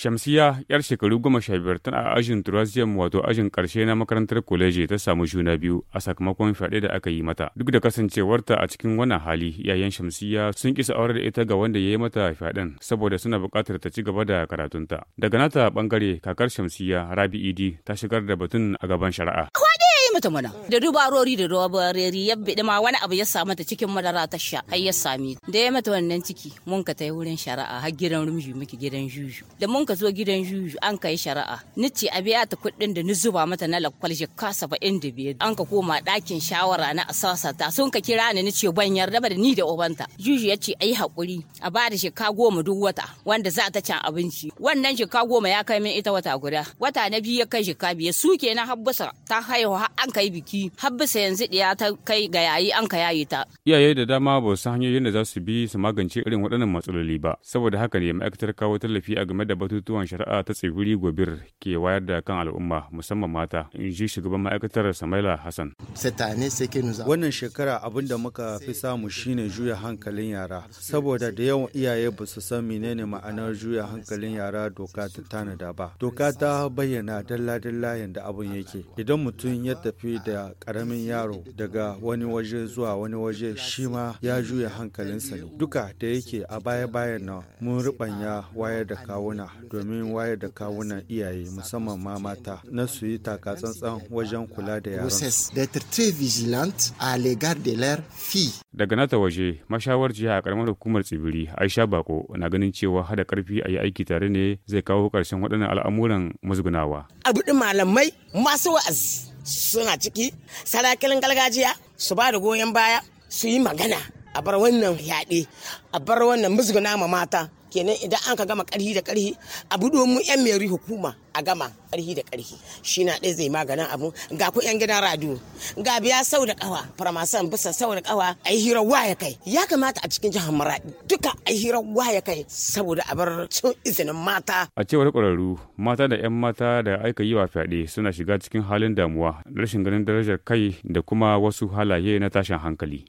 Shamsiya yar shekaru goma sha biyar tana ajin Turaziyam wato ajin karshe na makarantar koleji ta samu juna biyu a sakamakon fyaɗe da aka yi mata. Duk da kasancewarta a cikin wannan hali yayan Shamsiya sun kisa aurar da ita ga wanda ya yi mata fyaɗen saboda suna buƙatar ta ci gaba da karatunta. Daga nata ɓangare kakar Shamsiya Rabi Idi ta shigar da batun a gaban shari'a. mata mana da dubarori da rubarori ya ma wani abu ya sa mata cikin madara ta sha har ya sami da ya mata wannan ciki mun ka tai wurin shari'a har gidan rumji miki gidan juju da mun ka zo gidan juju an kai shari'a nici a biya ta kuɗin da ni zuba mata na lakwal jikka saba'in da biyar an ka koma ɗakin shawara na asasa ta sun ka kira ni nice ban yarda ba da ni da ubanta juju ya ce ai hakuri a ba da shika goma duk wata wanda za ta can abinci wannan shika goma ya kai min ita wata guda wata na biyu ya kai shika biyar su kenan habbasa ta haihu har an kai biki har bisa yanzu ɗiya ta kai ga yayi an ka yayi ta. Iyaye da dama ba su hanyoyin da za su bi su magance irin waɗannan matsaloli ba. Saboda haka ne ma'aikatar kawo tallafi a game da batutuwan shari'a ta tsibiri gobir ke wayar da kan al'umma musamman mata in ji shugaban ma'aikatar Samaila Hassan. Wannan shekara abin da muka fi samu shine juya hankalin yara saboda da yawan iyaye ba su san menene ma'anar juya hankalin yara doka ta tanada ba. Doka ta bayyana dalla-dalla yadda abin yake. Idan mutum yadda tafi da karamin yaro daga wani waje zuwa wani waje shi ma ya juya hankalinsa ne. Duka da yake a baya-bayan nan mun rubanya wayar da kawuna domin wayar da kawunan iyaye musamman ma mata na su yi takatsantsan wajen kula da yaron Daga nata waje mashawarciya a karamar hukumar tsibiri Aisha Bako na ganin cewa hada karfi a yi aiki tare ne zai kawo karshen waɗannan al'amuran musgunawa. Abu malamai masu wa'azi suna ciki sarakin gargajiya su ba da goyon baya su yi magana a bar wannan yaɗe a bar wannan musguna ma mata kenan idan an ka gama karhi da karhi abu domin yan meri hukuma a gama karhi da karhi shi na ɗaya zai maganin abu ga ku yan gidan radu ga biya sau da kawa farmasan bisa sau da kawa a yi hirar waya kai ya kamata a cikin jihar maradi duka a yi hirar waya kai saboda a bar cin izinin mata a cewar ƙwararru mata da yan mata da aika yi wa fyaɗe suna shiga cikin halin damuwa rashin ganin darajar kai da kuma wasu halaye na tashin hankali.